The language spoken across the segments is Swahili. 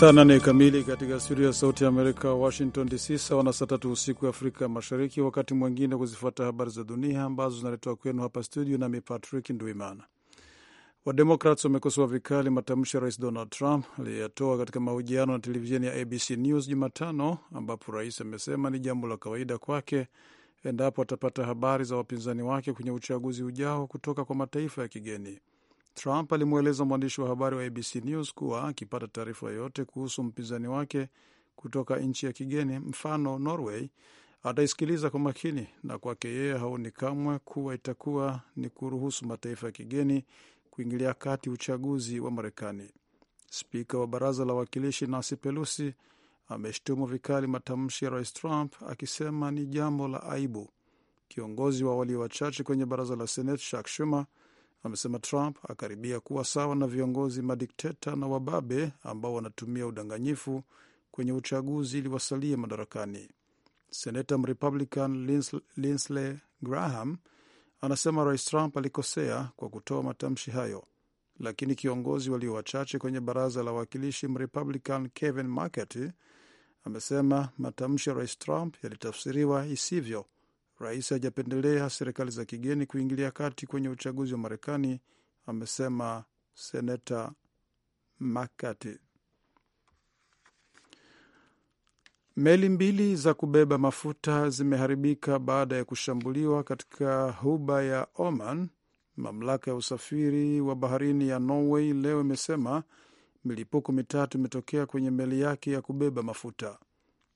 Saa nane kamili katika studio ya Sauti ya Amerika, Washington DC, sawa na saa tatu usiku ya Afrika Mashariki. Wakati mwingine kuzifuata habari za dunia ambazo zinaletwa kwenu hapa studio, nami Patrick Ndwimana. Wademokrat wamekosoa vikali matamshi ya Rais Donald Trump aliyeyatoa katika mahojiano na televisheni ya ABC News Jumatano, ambapo rais amesema ni jambo la kawaida kwake endapo atapata habari za wapinzani wake kwenye uchaguzi ujao kutoka kwa mataifa ya kigeni. Trump alimweleza mwandishi wa habari wa ABC News kuwa akipata taarifa yoyote kuhusu mpinzani wake kutoka nchi ya kigeni, mfano Norway, ataisikiliza kwa makini, na kwake yeye haoni kamwe kuwa itakuwa ni kuruhusu mataifa ya kigeni kuingilia kati uchaguzi wa Marekani. Spika wa baraza la wawakilishi Nancy Pelosi ameshtumu vikali matamshi ya rais Trump akisema ni jambo la aibu. Kiongozi wa walio wachache kwenye baraza la Senate Chuck Schumer amesema Trump akaribia kuwa sawa na viongozi madikteta na wababe ambao wanatumia udanganyifu kwenye uchaguzi ili wasalie madarakani. Senata Mrepublican Lindsey Graham anasema Rais Trump alikosea kwa kutoa matamshi hayo, lakini kiongozi walio wachache kwenye baraza la wawakilishi Mrepublican Kevin McCarthy amesema matamshi ya Rais Trump yalitafsiriwa isivyo Rais hajapendelea serikali za kigeni kuingilia kati kwenye uchaguzi wa Marekani, amesema seneta McCarthy. Meli mbili za kubeba mafuta zimeharibika baada ya kushambuliwa katika huba ya Oman. Mamlaka ya usafiri wa baharini ya Norway leo imesema milipuko mitatu imetokea kwenye meli yake ya kubeba mafuta.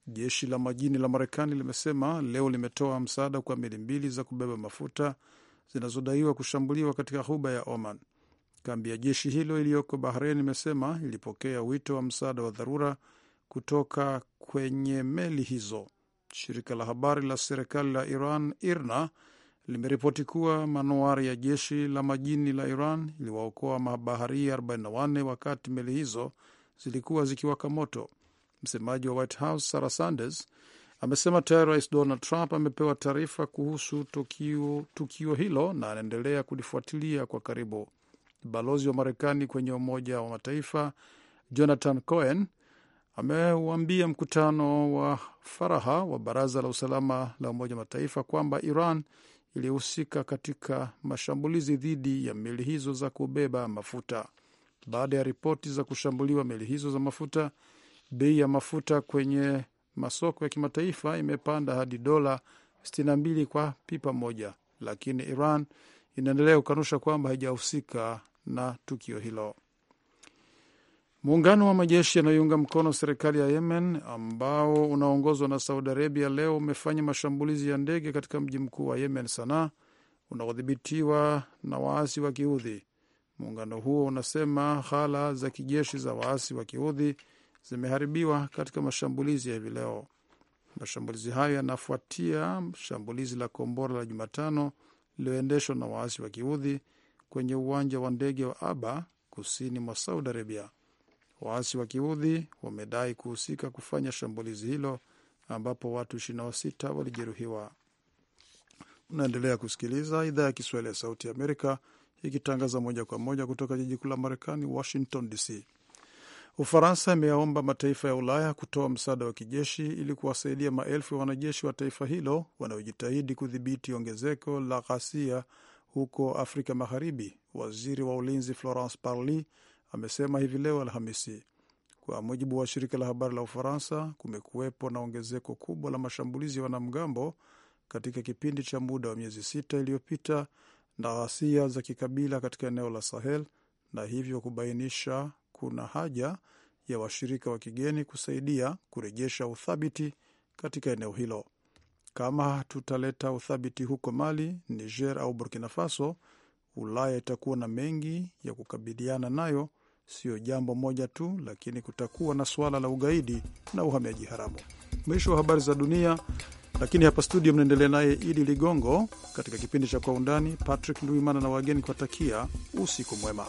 Jeshi la majini la Marekani limesema leo limetoa msaada kwa meli mbili za kubeba mafuta zinazodaiwa kushambuliwa katika ghuba ya Oman. Kambi ya jeshi hilo iliyoko bahrein imesema ilipokea wito wa msaada wa dharura kutoka kwenye meli hizo. Shirika la habari la serikali la Iran, IRNA, limeripoti kuwa manuari ya jeshi la majini la Iran iliwaokoa mabaharia 44 wakati meli hizo zilikuwa zikiwaka moto. Msemaji wa White House Sarah Sanders amesema tayari Rais Donald Trump amepewa taarifa kuhusu tukio, tukio hilo na anaendelea kulifuatilia kwa karibu. Balozi wa Marekani kwenye Umoja wa Mataifa Jonathan Cohen amewaambia mkutano wa faraha wa Baraza la Usalama la Umoja wa Mataifa kwamba Iran ilihusika katika mashambulizi dhidi ya meli hizo za kubeba mafuta. Baada ya ripoti za kushambuliwa meli hizo za mafuta, Bei ya mafuta kwenye masoko ya kimataifa imepanda hadi dola 62 kwa pipa moja, lakini Iran inaendelea kukanusha kwamba haijahusika na tukio hilo. Muungano wa majeshi yanayoiunga mkono serikali ya Yemen ambao unaongozwa na Saudi Arabia leo umefanya mashambulizi ya ndege katika mji mkuu wa Yemen, Sanaa, unaodhibitiwa na waasi wa Kiudhi. Muungano huo unasema ghala za kijeshi za waasi wa Kiudhi zimeharibiwa katika mashambulizi ya hivi leo. Mashambulizi hayo yanafuatia shambulizi la kombora la Jumatano lililoendeshwa na waasi wa kiudhi kwenye uwanja wa ndege wa Aba kusini mwa Saudi Arabia. Waasi wa kiudhi wamedai kuhusika kufanya shambulizi hilo ambapo watu 26 walijeruhiwa. Unaendelea kusikiliza idhaa ya Kiswahili ya Sauti ya Amerika ikitangaza moja kwa moja kutoka jiji kuu la Marekani, Washington DC. Ufaransa imeyaomba mataifa ya Ulaya kutoa msaada wa kijeshi ili kuwasaidia maelfu ya wanajeshi wa taifa hilo wanaojitahidi kudhibiti ongezeko la ghasia huko Afrika Magharibi. Waziri wa ulinzi Florence Parly amesema hivi leo Alhamisi. Kwa mujibu wa shirika la habari la Ufaransa, kumekuwepo na ongezeko kubwa la mashambulizi ya wanamgambo katika kipindi cha muda wa miezi sita iliyopita na ghasia za kikabila katika eneo la Sahel na hivyo kubainisha kuna haja ya washirika wa kigeni kusaidia kurejesha uthabiti katika eneo hilo. Kama tutaleta uthabiti huko Mali, Niger au Burkina Faso, Ulaya itakuwa na mengi ya kukabiliana nayo, siyo jambo moja tu, lakini kutakuwa na suala la ugaidi na uhamiaji haramu. Mwisho wa habari za dunia. Lakini hapa studio mnaendelea naye Idi Ligongo katika kipindi cha Kwa Undani. Patrick Nduimana na wageni takia usiku mwema.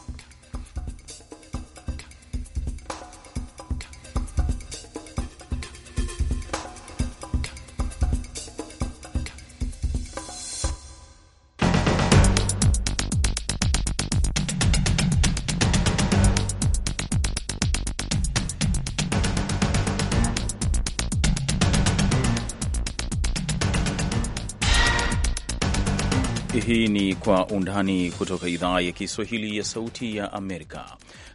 hii ni Kwa Undani kutoka idhaa ya Kiswahili ya Sauti ya Amerika.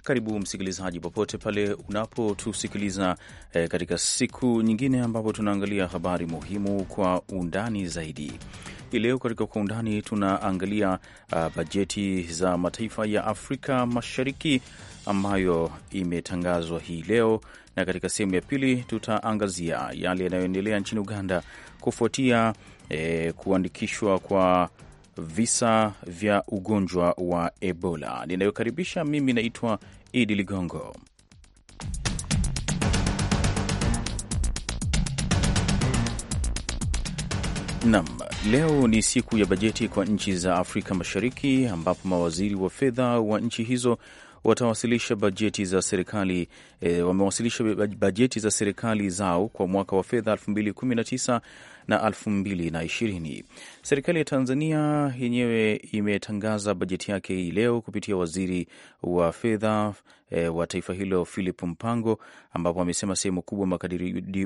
Karibu msikilizaji, popote pale unapotusikiliza eh, katika siku nyingine ambapo tunaangalia habari muhimu kwa undani zaidi. Hii leo katika Kwa Undani tunaangalia uh, bajeti za mataifa ya Afrika Mashariki ambayo imetangazwa hii leo, na katika sehemu ya pili tutaangazia yale yanayoendelea nchini Uganda kufuatia eh, kuandikishwa kwa visa vya ugonjwa wa Ebola. Ninayokaribisha mimi naitwa Idi Ligongo. Nam, leo ni siku ya bajeti kwa nchi za Afrika Mashariki, ambapo mawaziri wa fedha wa nchi hizo watawasilisha bajeti za serikali e, wamewasilisha bajeti za serikali zao kwa mwaka wa fedha 2019 na elfu mbili na ishirini. Serikali ya Tanzania yenyewe imetangaza bajeti yake hii leo kupitia waziri wa fedha e, wa taifa hilo Philip Mpango, ambapo amesema sehemu kubwa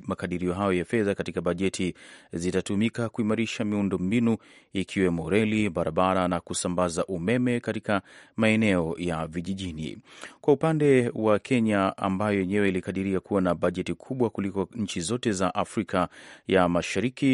makadirio hayo ya fedha katika bajeti zitatumika kuimarisha miundo mbinu ikiwemo reli, barabara na kusambaza umeme katika maeneo ya vijijini. Kwa upande wa Kenya ambayo yenyewe ilikadiria kuwa na bajeti kubwa kuliko nchi zote za Afrika ya Mashariki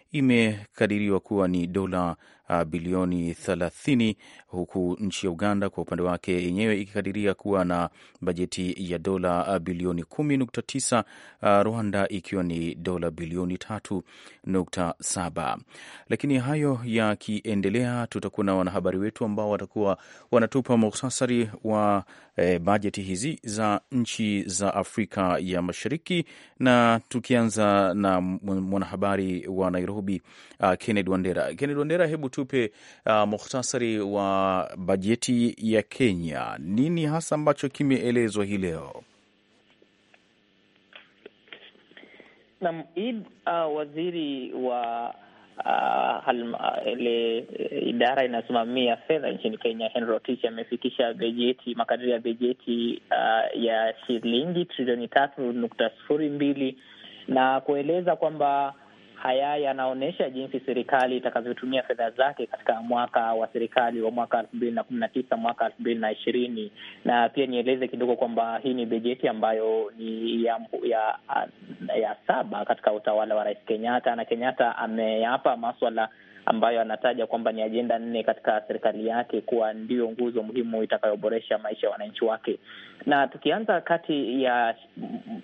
imekadiriwa kuwa ni dola uh, bilioni 30 huku nchi ya Uganda kwa upande wake yenyewe ikikadiria kuwa na bajeti ya dola ah, bilioni 10.9, uh, ah, Rwanda ikiwa ni dola bilioni 3.7. Lakini hayo yakiendelea, tutakuwa na wanahabari wetu ambao watakuwa wanatupa muhtasari wa eh, bajeti hizi za nchi za Afrika ya Mashariki, na tukianza na mwanahabari wa Nairobi Nairobi, uh, Kennedy Wandera. Kennedy Wandera, hebu tupe uh, muhtasari wa bajeti ya Kenya. Nini hasa ambacho kimeelezwa hii leo? Naam, uh, waziri wa Uh, halma, uh, ile uh, idara inayosimamia fedha nchini Kenya Henry Rotich amefikisha bajeti makadirio ya bajeti uh, ya shilingi trilioni tatu nukta sifuri mbili na kueleza kwamba Haya yanaonyesha jinsi serikali itakavyotumia fedha zake katika mwaka wa serikali wa mwaka elfu mbili na kumi na tisa mwaka elfu mbili na ishirini na pia nieleze kidogo kwamba hii ni bajeti ambayo ni ya, ya, ya saba katika utawala wa Rais Kenyatta na Kenyatta ameapa maswala ambayo anataja kwamba ni ajenda nne katika serikali yake kuwa ndiyo nguzo muhimu itakayoboresha maisha ya wananchi wake. Na tukianza kati ya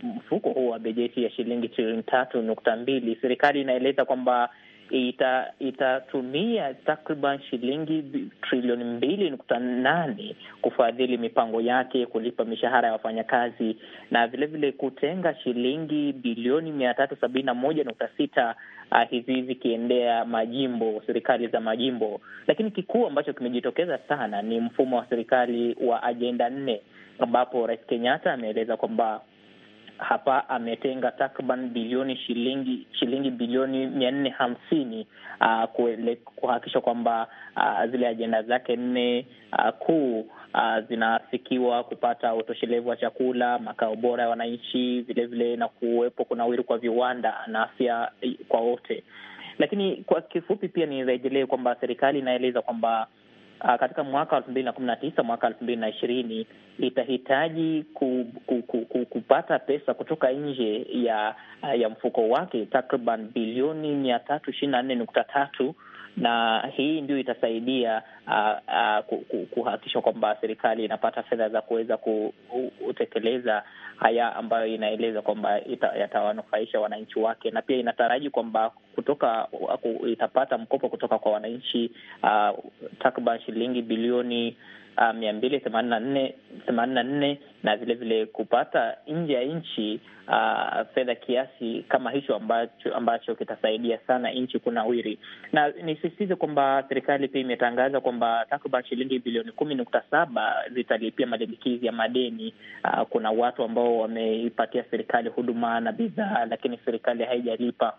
mfuko huu wa bajeti ya shilingi trilioni tatu nukta mbili, serikali inaeleza kwamba ita- itatumia takriban shilingi trilioni mbili nukta nane kufadhili mipango yake, kulipa mishahara ya wafanyakazi na vilevile vile kutenga shilingi bilioni mia tatu sabini na moja nukta sita uh, hizi zikiendea majimbo, serikali za majimbo. Lakini kikuu ambacho kimejitokeza sana ni mfumo wa serikali wa ajenda nne, ambapo Rais Kenyatta ameeleza kwamba hapa ametenga takriban bilioni shilingi shilingi bilioni mia nne hamsini ah, kuhakikisha kwamba uh, zile ajenda zake nne uh, kuu uh, zinafikiwa kupata utoshelevu wa chakula, makao bora ya wananchi, vilevile na kuwepo kuna wiri kwa viwanda na afya eh, kwa wote. Lakini kwa kifupi pia nirejelee kwamba serikali inaeleza kwamba uh, katika mwaka wa elfu mbili na kumi na tisa mwaka elfu mbili na ishirini itahitaji ku, ku, ku, ku, kupata pesa kutoka nje ya ya mfuko wake takriban bilioni mia tatu ishirini na nne nukta tatu na hii ndio itasaidia uh, uh, kuhakikisha kwamba serikali inapata fedha za kuweza kutekeleza haya ambayo inaeleza kwamba yatawanufaisha wananchi wake, na pia inataraji kwamba kutoka itapata mkopo kutoka kwa wananchi uh, takriban shilingi bilioni Ah, mia mbili themanini na nne na nne vile vilevile kupata nje ya nchi uh, fedha kiasi kama hicho ambacho, ambacho kitasaidia sana nchi kunawiri. Na nisisitize kwamba serikali pia imetangaza kwamba takriban shilingi bilioni kumi nukta saba zitalipia malimbikizi ya madeni. Uh, kuna watu ambao wameipatia serikali huduma na bidhaa, lakini serikali haijalipa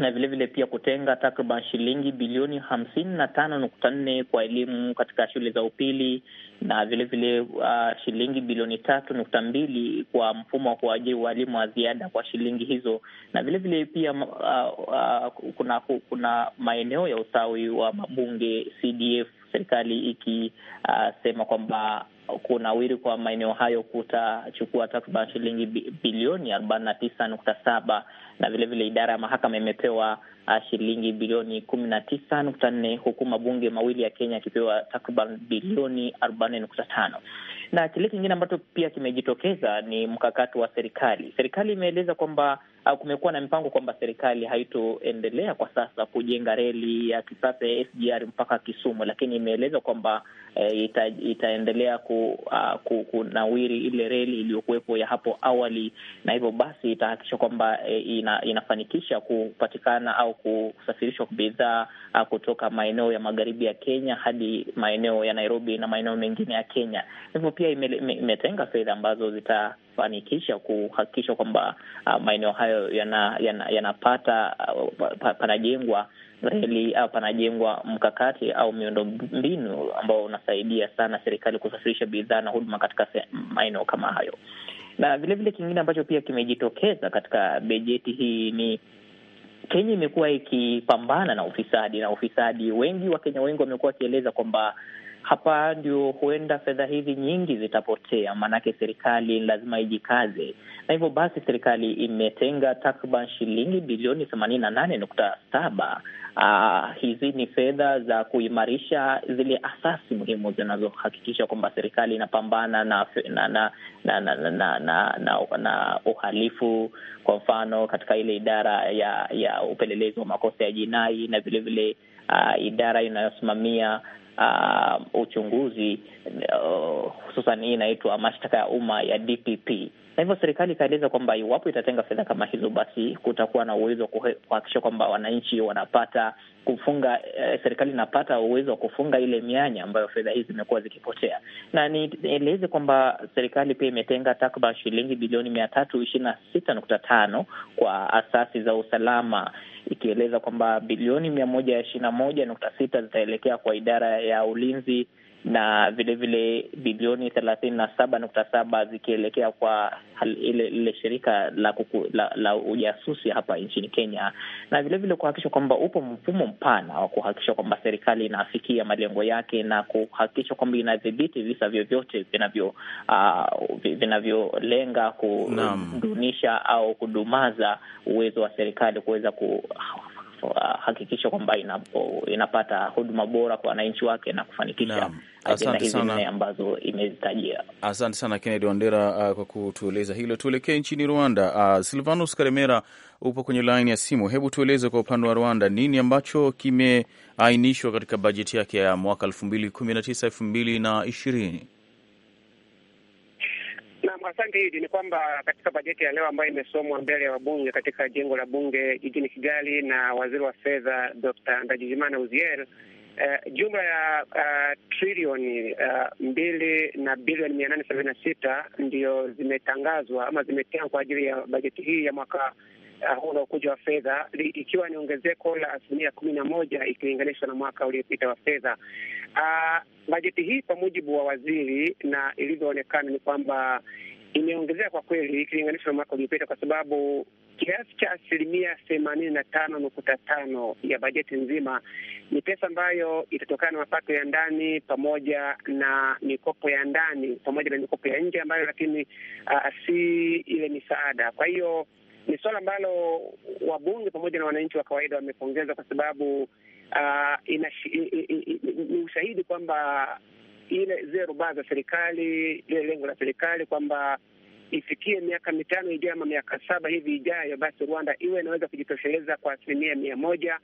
na vilevile vile pia kutenga takriban shilingi bilioni hamsini na tano nukta nne kwa elimu katika shule za upili na vilevile vile, uh, shilingi bilioni tatu nukta mbili kwa mfumo wa kuajiri walimu wa ziada kwa shilingi hizo, na vilevile vile pia uh, uh, kuna kuna maeneo ya ustawi wa mabunge CDF serikali ikisema uh, kwamba wiri kwa maeneo hayo kutachukua takriban shilingi bilioni arobaini na tisa nukta saba na vilevile idara ya mahakama imepewa uh, shilingi bilioni kumi na tisa nukta nne huku mabunge mawili ya Kenya yakipewa takriban bilioni arobaini nukta tano. Na kile kingine ambacho pia kimejitokeza ni mkakati wa serikali. Serikali imeeleza kwamba ah, kumekuwa na mipango kwamba serikali haitoendelea kwa sasa kujenga reli ya kisasa ya SGR mpaka Kisumu, lakini imeeleza kwamba eh, ita, itaendelea ku, uh, ku, kunawiri ile reli iliyokuwepo ya hapo awali, na hivyo basi itahakikisha kwamba eh, ina, inafanikisha kupatikana au kusafirishwa bidhaa uh, kutoka maeneo ya magharibi ya Kenya hadi maeneo ya Nairobi na maeneo mengine ya Kenya. Hivyo pia imetenga ime, fedha ambazo zita fanikisha kuhakikisha kwamba uh, maeneo hayo yanapata yana, yana uh, panajengwa panajengwa mkakati au miundo mbinu ambao unasaidia sana serikali kusafirisha bidhaa na huduma katika maeneo kama hayo. Na vilevile kingine ambacho pia kimejitokeza katika bajeti hii ni Kenya imekuwa ikipambana na ufisadi na ufisadi, wengi Wakenya wengi wamekuwa wakieleza kwamba hapa ndio huenda fedha hizi nyingi zitapotea, maanake serikali lazima ijikaze, na hivyo basi serikali imetenga takriban shilingi bilioni themanini na nane nukta saba. Uh, hizi ni fedha za kuimarisha zile asasi muhimu zinazohakikisha kwamba serikali inapambana na na na na, na, na, na, na, na na uhalifu, kwa mfano katika ile idara ya ya upelelezi wa makosa ya jinai na vilevile Uh, ah, idara inayosimamia uh, uchunguzi uh, hususan hii inaitwa mashtaka ya umma ya DPP, na hivyo serikali ikaeleza kwamba iwapo itatenga fedha kama hizo, basi kutakuwa na uwezo wa kuhakikisha kwamba wananchi wanapata kufunga eh, serikali inapata uwezo wa kufunga ile mianya ambayo fedha hizi zimekuwa zikipotea. Na nieleze kwamba serikali pia imetenga takriban shilingi bilioni mia tatu ishirini na sita nukta tano kwa asasi za usalama ikieleza kwamba bilioni mia moja ishirini na moja nukta sita zitaelekea kwa idara ya ulinzi na vilevile bilioni thelathini na saba nukta saba zikielekea kwa ile shirika la, kuku, la la ujasusi hapa nchini Kenya, na vilevile kuhakikisha kwamba upo mfumo mpana wa kuhakikisha kwamba serikali inafikia malengo yake na kuhakikisha kwamba inadhibiti visa vyovyote vinavyo uh, vinavyolenga kudunisha au kudumaza uwezo wa serikali kuweza ku kuhakikisha kwamba inapata huduma bora kwa wananchi wake na kufanikisha ajenda hizi nne ambazo imezitajia. Asante sana Kennedy Wandera, uh, kwa kutueleza hilo. Tuelekee nchini Rwanda. Uh, Silvanus Karemera upo kwenye laini ya simu. Hebu tueleze kwa upande wa Rwanda nini ambacho kimeainishwa katika bajeti yake ya mwaka elfu mbili kumi na tisa elfu mbili na ishirini. Asante Idi, ni kwamba katika bajeti ya leo ambayo imesomwa mbele ya wabunge katika jengo la bunge jijini Kigali na waziri wa fedha Dr. Ndajijimana Uziel Uh, eh, jumla ya uh, trilioni uh, mbili na bilioni mia nane sabini na sita ndiyo zimetangazwa ama zimetengwa kwa ajili ya bajeti hii ya mwaka uh, huu unaokuja wa fedha, ikiwa ni ongezeko la asilimia kumi na moja ikilinganishwa na mwaka uliopita wa fedha. Uh, bajeti hii kwa mujibu wa waziri na ilivyoonekana ni kwamba imeongezeka kwa kweli ikilinganishwa na mwaka uliopita, kwa sababu kiasi cha asilimia themanini na tano nukuta tano ya bajeti nzima ni pesa ambayo itatokana na mapato ya ndani pamoja na mikopo ya ndani pamoja na mikopo ya nje ambayo lakini uh, si ile misaada. Kwa hiyo ni suala ambalo wabunge pamoja na wananchi wa kawaida wamepongeza kwa sababu uh, ni ushahidi kwamba ile zile rubaa za serikali, lile lengo la serikali kwamba ifikie miaka mitano ijayo ama miaka saba hivi ijayo, basi Rwanda iwe inaweza kujitosheleza kwa asilimia mia moja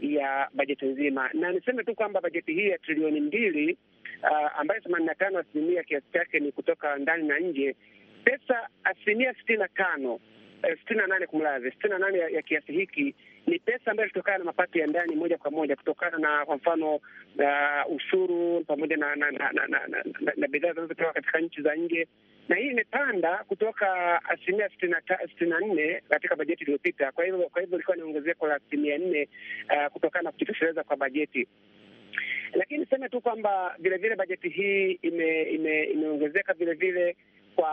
ya bajeti nzima. Na niseme tu kwamba bajeti hii ya trilioni mbili uh, ambayo themanini na tano asilimia kiasi chake ni kutoka ndani na nje, pesa asilimia sitini na tano eh, sitini na nane kumradhi, sitini na nane ya kiasi hiki ni pesa ambayo ilitokana na mapato ya ndani moja kwa moja kutokana na kwa mfano uh, ushuru pamoja na na, na, na, na, na, na bidhaa zinazotoka katika nchi za nje, na hii imepanda kutoka asilimia sitini na nne katika bajeti iliyopita. Kwa hivyo kwa hivyo ilikuwa ni ongezeko la asilimia nne uh, kutokana na kujitosheleza kwa bajeti lakini niseme tu kwamba vilevile bajeti hii ime- imeongezeka ime vilevile kwa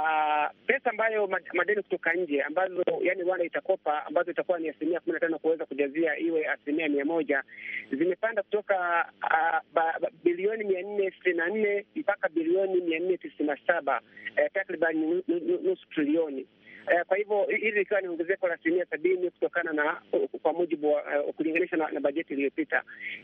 pesa ambayo madeni kutoka nje ambazo yani Rwanda itakopa ambazo itakuwa ni asilimia kumi na tano kuweza kujazia iwe asilimia mia moja zimepanda kutoka uh, bilioni mia nne sitini na nne mpaka bilioni mia nne tisini na saba eh, takriban nusu trilioni. Eh, kwa hivyo hili ikiwa ni ongezeko la asilimia sabini kutokana na kwa mujibu wa uh, kulinganisha na, na bajeti iliyopita,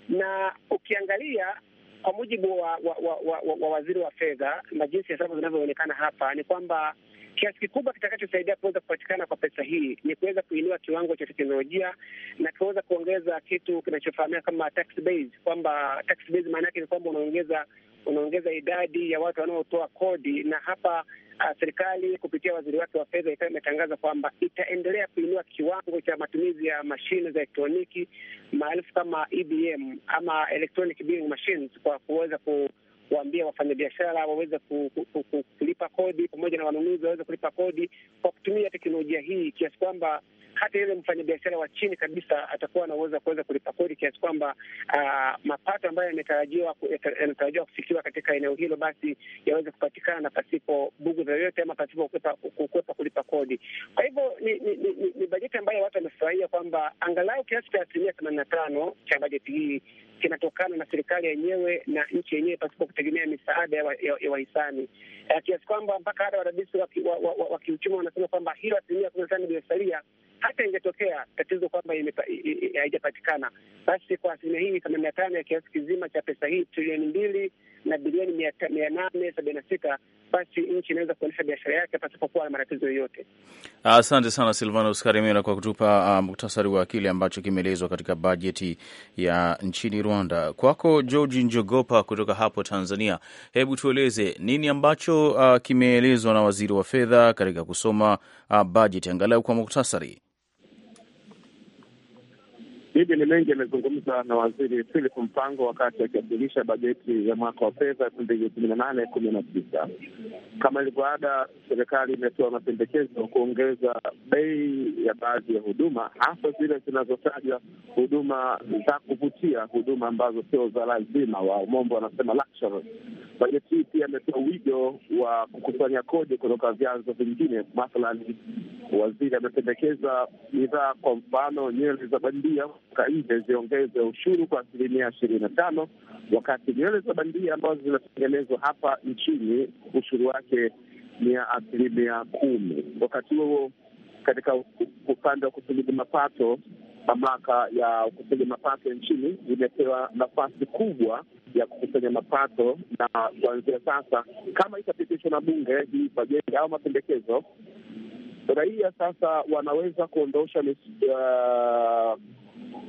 na ukiangalia kwa mujibu wa, wa, wa, wa, wa waziri wa fedha na jinsi hesabu zinavyoonekana hapa ni kwamba kiasi kikubwa kitakachosaidia kuweza kupatikana kwa pesa hii ni kuweza kuinua kiwango cha teknolojia na kuweza kuongeza kitu kinachofahamika kama tax base, kwamba tax base maana yake ni kwamba unaongeza unaongeza idadi ya watu wanaotoa kodi, na hapa uh, serikali kupitia waziri wake wa fedha ikawa imetangaza kwamba itaendelea kuinua kiwango cha matumizi ya mashine za elektroniki maarufu kama EBM ama electronic billing machines kwa kuweza ku kuambia wafanyabiashara waweze kulipa kodi pamoja na wanunuzi waweze kulipa kodi kwa kutumia teknolojia hii, kiasi kwamba hata yule mfanyabiashara wa chini kabisa atakuwa anauweza wa kuweza kulipa kodi kiasi kwamba uh, mapato ambayo yanatarajiwa yanatarajiwa kufikiwa katika eneo hilo basi yaweze kupatikana na pasipo bugu yoyote ama pasipo kukwepa kulipa kodi. Kwa hivyo ni, ni, ni, ni bajeti ambayo watu wamefurahia kwamba angalau kiasi cha asilimia themanini na tano cha bajeti hii kinatokana na serikali yenyewe na nchi yenyewe pasipo kutegemea misaada ya wahisani, eh, kiasi kwamba mpaka hata wadadisi wa kiuchumi wanasema kwamba hilo asilimia kumi na tano iliyosalia hata ingetokea tatizo kwamba haijapatikana, basi kwa asilimia hii themanini na tano ya kiasi kizima cha pesa hii trilioni mbili na bilioni mia nane sabini na sita basi nchi inaweza kuendesha biashara yake pasipokuwa na matatizo yoyote. Asante sana Silvanus Karimera kwa kutupa ah, muktasari wa kile ambacho kimeelezwa katika bajeti ya nchini Rwanda. Kwako Georgi Njogopa kutoka hapo Tanzania, hebu tueleze nini ambacho uh, kimeelezwa na waziri wa fedha katika kusoma uh, bajeti angalau kwa muktasari hivi ni mengi amezungumza na Waziri Philip Mpango wakati akiwasilisha bajeti ya mwaka wa fedha elfu mbili kumi na nane kumi na tisa. Kama ilivyoada, serikali imetoa mapendekezo kuongeza bei ya baadhi ya huduma, hasa zile zinazotajwa huduma za kuvutia, huduma ambazo sio za lazima, wamombo wanasema luxury. Bajeti hii pia ametoa wigo wa kukusanya kodi kutoka vyanzo vingine. Mathalani, waziri amependekeza bidhaa, kwa mfano nywele za bandia nje ziongeze ushuru kwa asilimia ishirini na tano wakati nywele za bandia ambazo zinatengenezwa hapa nchini ushuru wake ni ya asilimia kumi. Wakati huo katika upande wa kukusanya mapato, mamlaka ya kukusanya mapato nchini imepewa nafasi kubwa ya kukusanya mapato, na kuanzia sasa, kama itapitishwa na bunge hii bajeti au mapendekezo, raia sasa wanaweza kuondosha uh,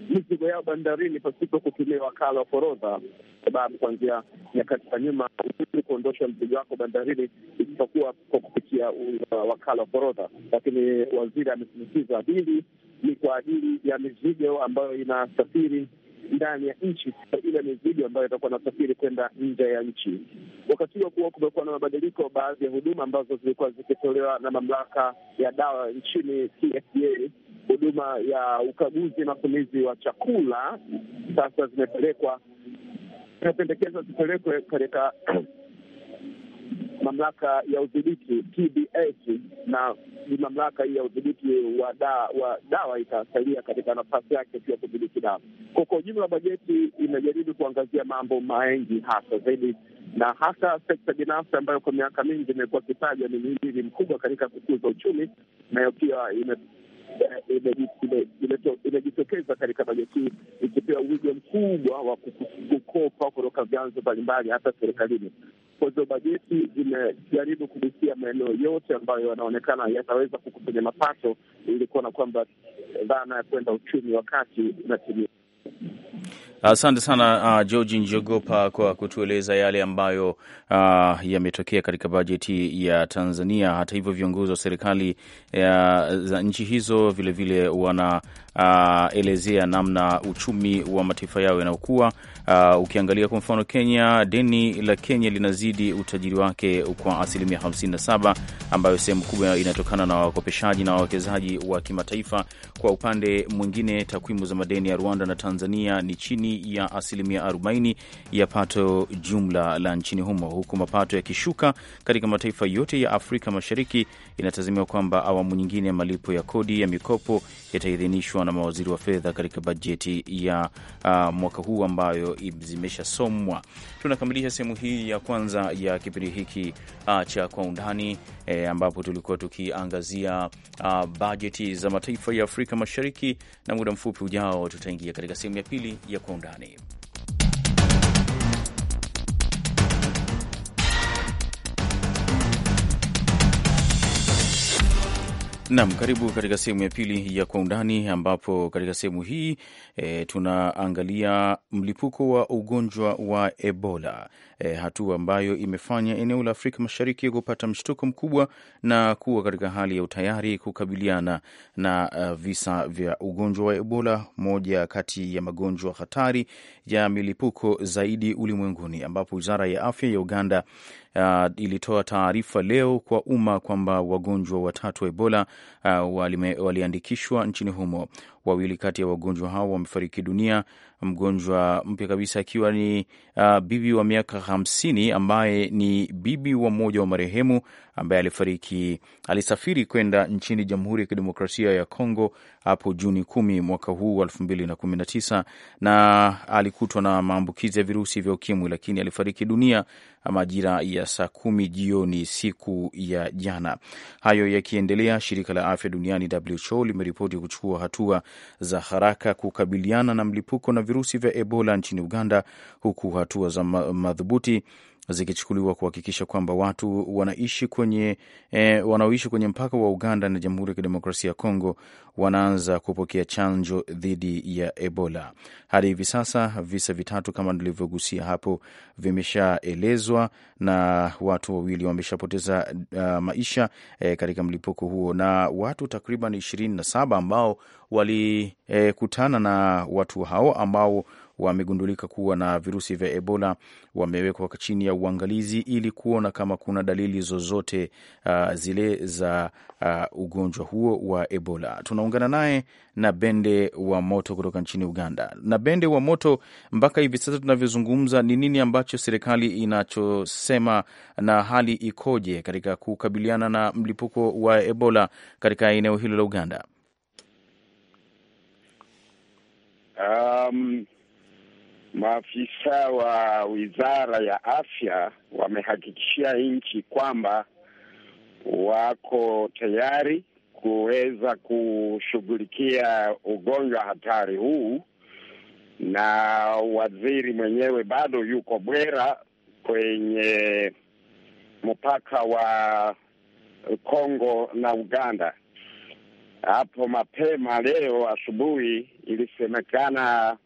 mizigo yao bandarini pasipo kutumia wakala wa forodha, sababu kuanzia nyakati za nyuma kuondosha mzigo wako bandarini isipokuwa kwa kupitia uh, wakala wa forodha. Lakini waziri amesisitiza hili ni kwa ajili ya mizigo ambayo inasafiri ndani ya nchi ile mizigo ambayo itakuwa nasafiri kwenda nje ya nchi. Wakati huo kuwa kumekuwa na mabadiliko, baadhi ya huduma ambazo zilikuwa zikitolewa na mamlaka ya dawa nchini TFDA, huduma ya ukaguzi matumizi wa chakula, sasa zimepelekwa, inapendekeza zipelekwe katika mamlaka ya udhibiti TBS na mamlaka ya udhibiti wa da, wa dawa itasalia katika nafasi yake pia kudhibiti dawa. Kwa ujumla, bajeti imejaribu kuangazia mambo mengi hasa zaidi na hasa sekta binafsi ambayo kwa miaka mingi imekuwa kitaja ni mhimili mkubwa katika kukuza uchumi, nayo pia imejitokeza katika bajeti hii ikipewa wigo mkubwa wa kukopa kutoka vyanzo mbalimbali hata serikalini hivyo bajeti zimejaribu kugusia maeneo yote ambayo yanaonekana yataweza kukusanya mapato ili kuona kwamba dhana ya kwenda uchumi wa kati unatimia. Asante sana uh, George Njogopa kwa kutueleza yale ambayo uh, yametokea katika bajeti ya Tanzania. Hata hivyo viongozi wa serikali uh, za nchi hizo vilevile wana uh, elezea namna uchumi wa mataifa yao yanayokuwa. Uh, ukiangalia kwa mfano Kenya, deni la Kenya linazidi utajiri wake kwa asilimia 57, ambayo sehemu kubwa inatokana na wakopeshaji na wawekezaji wa kimataifa. Kwa upande mwingine, takwimu za madeni ya Rwanda na Tanzania ni chini ya asilimia 40 ya pato jumla la nchini humo, huku mapato yakishuka katika mataifa yote ya Afrika Mashariki. Inatazamiwa kwamba awamu nyingine ya malipo ya kodi ya mikopo yataidhinishwa zilizoainishwa na mawaziri wa fedha katika bajeti ya uh, mwaka huu ambayo zimeshasomwa. Tunakamilisha sehemu hii ya kwanza ya kipindi hiki uh, cha kwa undani e, ambapo tulikuwa tukiangazia uh, bajeti za mataifa ya Afrika Mashariki, na muda mfupi ujao tutaingia katika sehemu ya pili ya kwa undani. Nam, karibu katika sehemu ya pili ya Kwa Undani, ambapo katika sehemu hii e, tunaangalia mlipuko wa ugonjwa wa Ebola, e, hatua ambayo imefanya eneo la Afrika Mashariki kupata mshtuko mkubwa na kuwa katika hali ya utayari kukabiliana na e, visa vya ugonjwa wa Ebola, moja kati ya magonjwa hatari ya milipuko zaidi ulimwenguni, ambapo wizara ya afya ya Uganda uh, ilitoa taarifa leo kwa umma kwamba wagonjwa watatu wa Ebola uh, waliandikishwa nchini humo. Wawili kati ya wagonjwa hao wamefariki dunia, mgonjwa mpya kabisa akiwa ni uh, bibi wa miaka hamsini ambaye ni bibi wa mmoja wa marehemu ambaye alifariki, alisafiri kwenda nchini Jamhuri ya Kidemokrasia ya Kongo hapo Juni kumi mwaka huu wa elfu mbili na kumi na tisa na alikutwa na maambukizi ya virusi vya ukimwi, lakini alifariki dunia majira ya saa kumi jioni siku ya jana. Hayo yakiendelea, shirika la afya duniani WHO limeripoti kuchukua hatua za haraka kukabiliana na mlipuko na virusi vya Ebola nchini Uganda, huku hatua za madhubuti zikichukuliwa kuhakikisha kwamba watu wanaishi kwenye e, wanaoishi kwenye mpaka wa Uganda na Jamhuri ya Kidemokrasia ya Kongo wanaanza kupokea chanjo dhidi ya Ebola. Hadi hivi sasa visa vitatu kama nilivyogusia hapo vimeshaelezwa na watu wawili wameshapoteza uh, maisha e, katika mlipuko huo na watu takriban ishirini na saba ambao walikutana eh, e, na watu hao ambao wamegundulika kuwa na virusi vya Ebola wamewekwa chini ya uangalizi ili kuona kama kuna dalili zozote uh, zile za uh, ugonjwa huo wa Ebola. Tunaungana naye na Bende wa Moto kutoka nchini Uganda. Na Bende wa Moto, mpaka hivi sasa tunavyozungumza, ni nini ambacho serikali inachosema na hali ikoje katika kukabiliana na mlipuko wa Ebola katika eneo hilo la Uganda? Um, maafisa wa wizara ya afya wamehakikishia nchi kwamba wako tayari kuweza kushughulikia ugonjwa hatari huu, na waziri mwenyewe bado yuko Bwera kwenye mpaka wa Kongo na Uganda. Hapo mapema leo asubuhi ilisemekana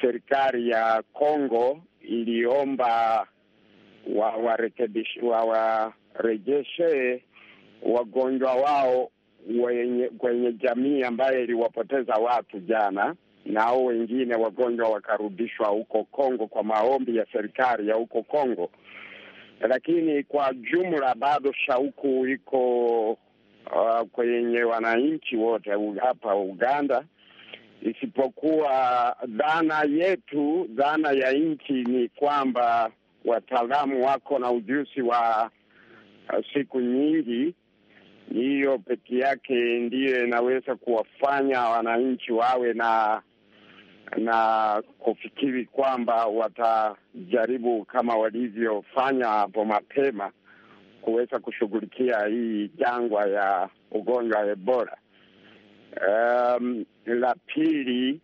serikali ya Kongo iliomba wawarejeshe wa wa, wagonjwa wao wenye, kwenye jamii ambayo iliwapoteza watu jana, nao wengine wagonjwa wakarudishwa huko Kongo kwa maombi ya serikali ya huko Kongo. Lakini kwa jumla bado shauku iko uh, kwenye wananchi wote hapa Uganda isipokuwa dhana yetu, dhana ya nchi ni kwamba wataalamu wako na ujuzi wa uh, siku nyingi. Hiyo peke yake ndiyo inaweza kuwafanya wananchi wawe na na kufikiri kwamba watajaribu kama walivyofanya hapo mapema kuweza kushughulikia hii jangwa ya ugonjwa wa Ebola um, la pili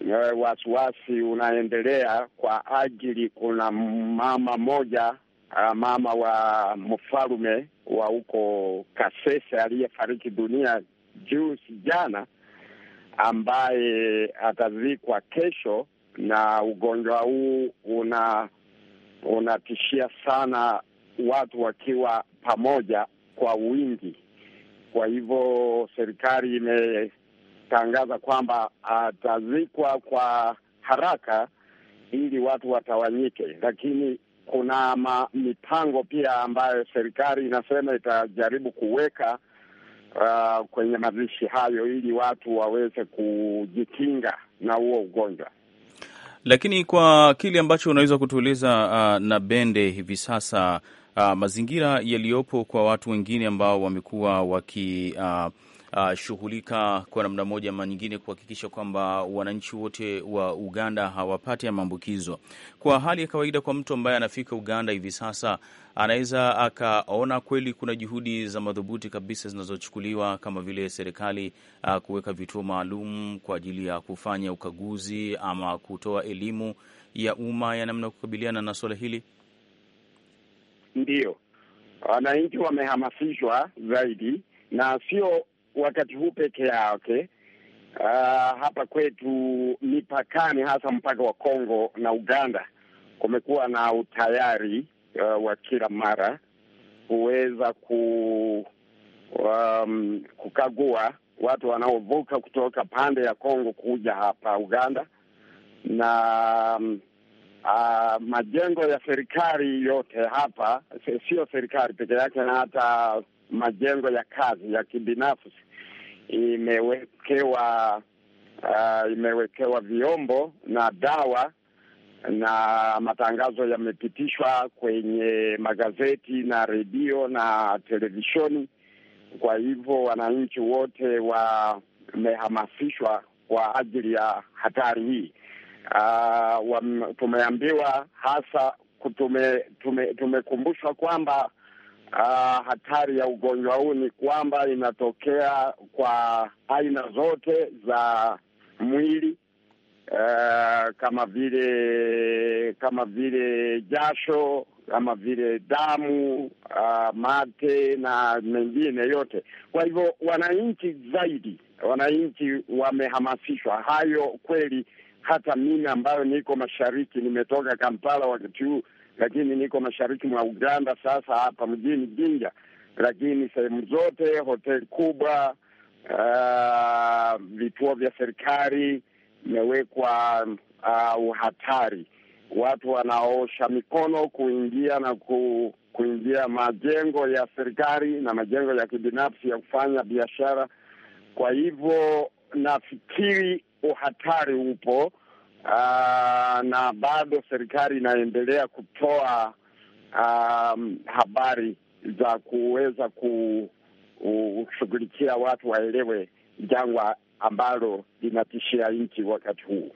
eh, wasiwasi unaendelea kwa ajili, kuna mama moja ah, mama wa mfalume wa huko Kasese aliyefariki dunia juzi jana, ambaye atazikwa kesho, na ugonjwa huu una unatishia sana watu wakiwa pamoja kwa wingi. Kwa hivyo serikali imetangaza kwamba atazikwa kwa haraka ili watu watawanyike, lakini kuna ma, mipango pia ambayo serikali inasema itajaribu kuweka uh, kwenye mazishi hayo ili watu waweze kujikinga na huo ugonjwa. Lakini kwa kile ambacho unaweza kutueleza uh, na bende hivi sasa uh, mazingira yaliyopo kwa watu wengine ambao wamekuwa waki uh, Uh, shughulika kwa namna moja ama nyingine kuhakikisha kwamba wananchi wote wa Uganda hawapati maambukizo. Kwa hali ya kawaida, kwa mtu ambaye anafika Uganda hivi sasa, anaweza akaona kweli kuna juhudi za madhubuti kabisa zinazochukuliwa kama vile serikali uh, kuweka vituo maalum kwa ajili ya kufanya ukaguzi ama kutoa elimu ya umma ya namna ya kukabiliana na suala hili. Ndiyo, wananchi wamehamasishwa zaidi na sio wakati huu peke yake okay? Uh, hapa kwetu mipakani, hasa mpaka wa Kongo na Uganda, kumekuwa na utayari uh, wa kila mara kuweza ku um, kukagua watu wanaovuka kutoka pande ya Kongo kuja hapa Uganda na um, Uh, majengo ya serikali yote hapa, sio serikali peke yake, na hata majengo ya kazi ya kibinafsi imewekewa uh, imewekewa viombo na dawa na matangazo yamepitishwa kwenye magazeti na redio na televisheni. Kwa hivyo wananchi wote wamehamasishwa kwa ajili ya hatari hii uh, tumeambiwa hasa kutume, tume, tumekumbushwa kwamba uh, hatari ya ugonjwa huu ni kwamba inatokea kwa aina zote za mwili uh, kama vile kama vile jasho kama vile damu uh, mate na mengine yote. Kwa hivyo wananchi zaidi, wananchi wamehamasishwa, hayo kweli hata mimi ambayo niko mashariki, nimetoka Kampala wakati huu, lakini niko mashariki mwa Uganda sasa hapa mjini Jinja, lakini sehemu zote hoteli kubwa, uh, vituo vya serikali imewekwa uh, uhatari. Watu wanaosha mikono kuingia na ku, kuingia majengo ya serikali na majengo ya kibinafsi ya kufanya biashara. Kwa hivyo nafikiri uhatari upo. Uh, na bado serikali inaendelea kutoa um, habari za kuweza kushughulikia watu waelewe jangwa ambalo linatishia nchi wakati huu.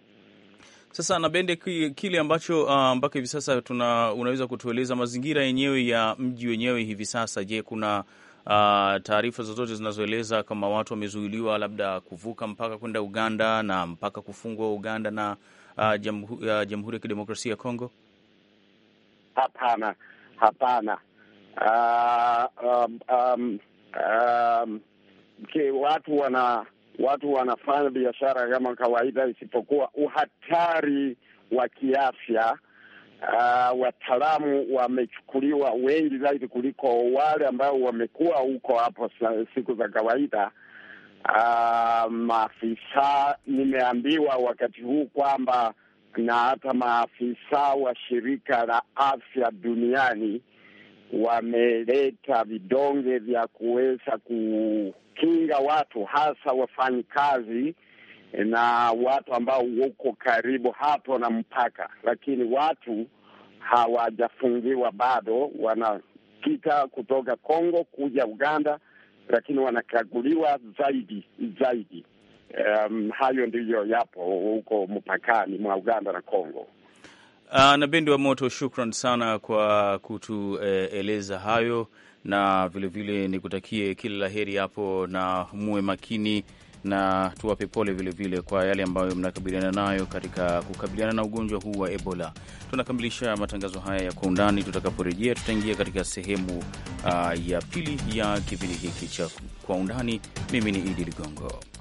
Sasa na Bende, kile ambacho ah, mpaka uh, hivi sasa tuna, unaweza kutueleza mazingira yenyewe ya mji wenyewe hivi sasa? Je, kuna uh, taarifa zozote zinazoeleza kama watu wamezuiliwa labda kuvuka mpaka kwenda Uganda na mpaka kufungwa Uganda na uh, Jamhuri ya Kidemokrasia ya Kongo? Hapana, hapana. Uh, um, um, um, watu wana watu wanafanya biashara kama kawaida, isipokuwa uhatari wa kiafya uh, wataalamu wamechukuliwa wengi zaidi kuliko wale ambao wamekuwa huko hapo siku za kawaida. Uh, maafisa nimeambiwa wakati huu kwamba na hata maafisa wa shirika la afya duniani wameleta vidonge vya kuweza kukinga watu hasa wafanyikazi na watu ambao wako karibu hapo na mpaka, lakini watu hawajafungiwa bado, wanapita kutoka Kongo kuja Uganda, lakini wanakaguliwa zaidi zaidi. Um, hayo ndiyo yapo huko mpakani mwa Uganda na Kongo. Uh, na bendi wa moto, shukran sana kwa kutueleza eh, hayo na vilevile ni kutakie kila la heri hapo, na muwe makini na tuwape pole vilevile kwa yale ambayo mnakabiliana nayo katika kukabiliana na ugonjwa huu wa Ebola. Tunakamilisha matangazo haya ya kwa undani. Tutakaporejea tutaingia katika sehemu uh, ya pili ya kipindi hiki cha kwa undani. Mimi ni Idi Ligongo.